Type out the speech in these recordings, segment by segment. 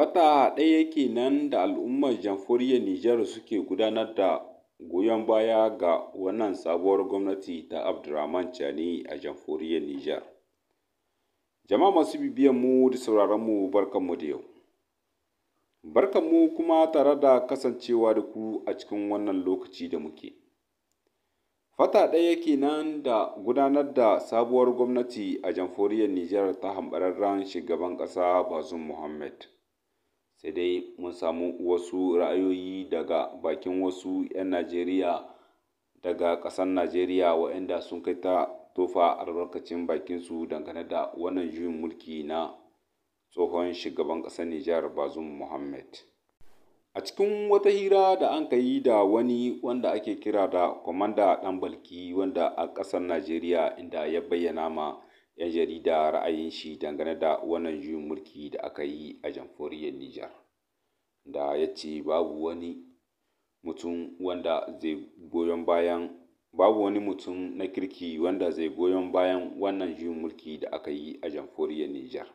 Fata ɗaya kenan da al'ummar jamhuriyar Nijar suke gudanar da goyon baya ga wannan sabuwar gwamnati ta Abdurrahman Chani, a jamhuriyar Nijar. Jama'a masu bibiyan mu da sauraron mu barkan mu da yau. barkan mu kuma tare da kasancewa da ku a cikin wannan lokaci da muke. Fata ɗaya kenan da gudanar da sabuwar gwamnati a jamhuriyar Nijar ta hambararren shugaban ƙasa Bazoum Mohammed. sai dai mun samu wasu ra'ayoyi daga bakin wasu 'yan Najeriya daga ƙasar Najeriya waɗanda sun kai ta tofa albarkacin su dangane da wannan juyin mulki na tsohon shugaban ƙasar Nijar bazum Mohammed. A cikin wata hira da an ka yi da wani wanda ake kira da Kwamanda Ɗanbalki wanda a ƙasar Najeriya inda ya bayyana ma 'yan jarida ra'ayin shi dangane da wannan juyin mulki da aka yi a jamhuriyar Nijar, da ya ce babu wani mutum wanda zai goyon bayan babu wani mutum na kirki wanda zai goyon bayan wannan juyin mulki da aka yi a jamhuriyar Nijar.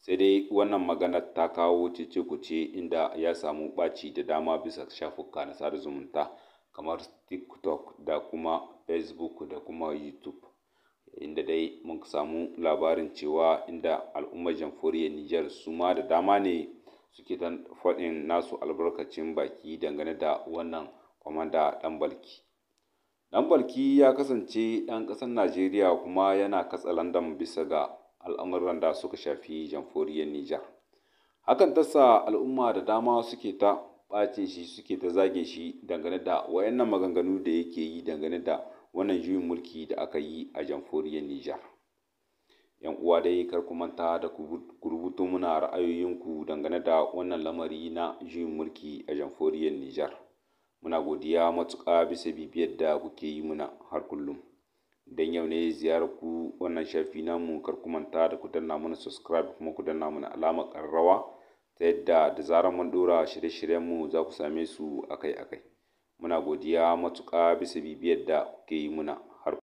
Sai dai wannan magana ta kawo cece-kuce inda ya samu ɓaci da dama bisa shafuka na sada zumunta kamar TikTok da kuma Facebook da kuma YouTube. inda dai mun samu labarin cewa inda al'ummar jamhuriyar Nijar su ma da dama ne suke ta faɗin nasu albarkacin baki dangane da wannan kwamanda ɗan balki. Ɗan ya kasance ɗan ƙasar Najeriya kuma yana katsa landan bisa ga al'amuran da suka shafi jamhuriyar Nijar. Hakan ta sa al'umma da dama suke ta ɓace shi suke ta zage shi dangane da wayannan maganganu da yake yi dangane da wannan juyin mulki da aka yi a jamhuriyar Nijar. ‘Yan uwa dai kar ku manta da ku rubuto muna ra'ayoyinku dangane da wannan lamari na juyin mulki a jamhuriyar Nijar. Muna godiya matuƙa bisa bibiyar da kuke yi muna har kullum. Don yau ne ziyarar ku wannan shafi namu kar ku manta da ku danna mana subscribe kuma ku danna mana alamar ƙararrawa ta yadda da zarar mun ɗora shirye-shiryenmu za ku same su akai-akai. muna godiya matuƙa bisa bibiyar da kuke yi muna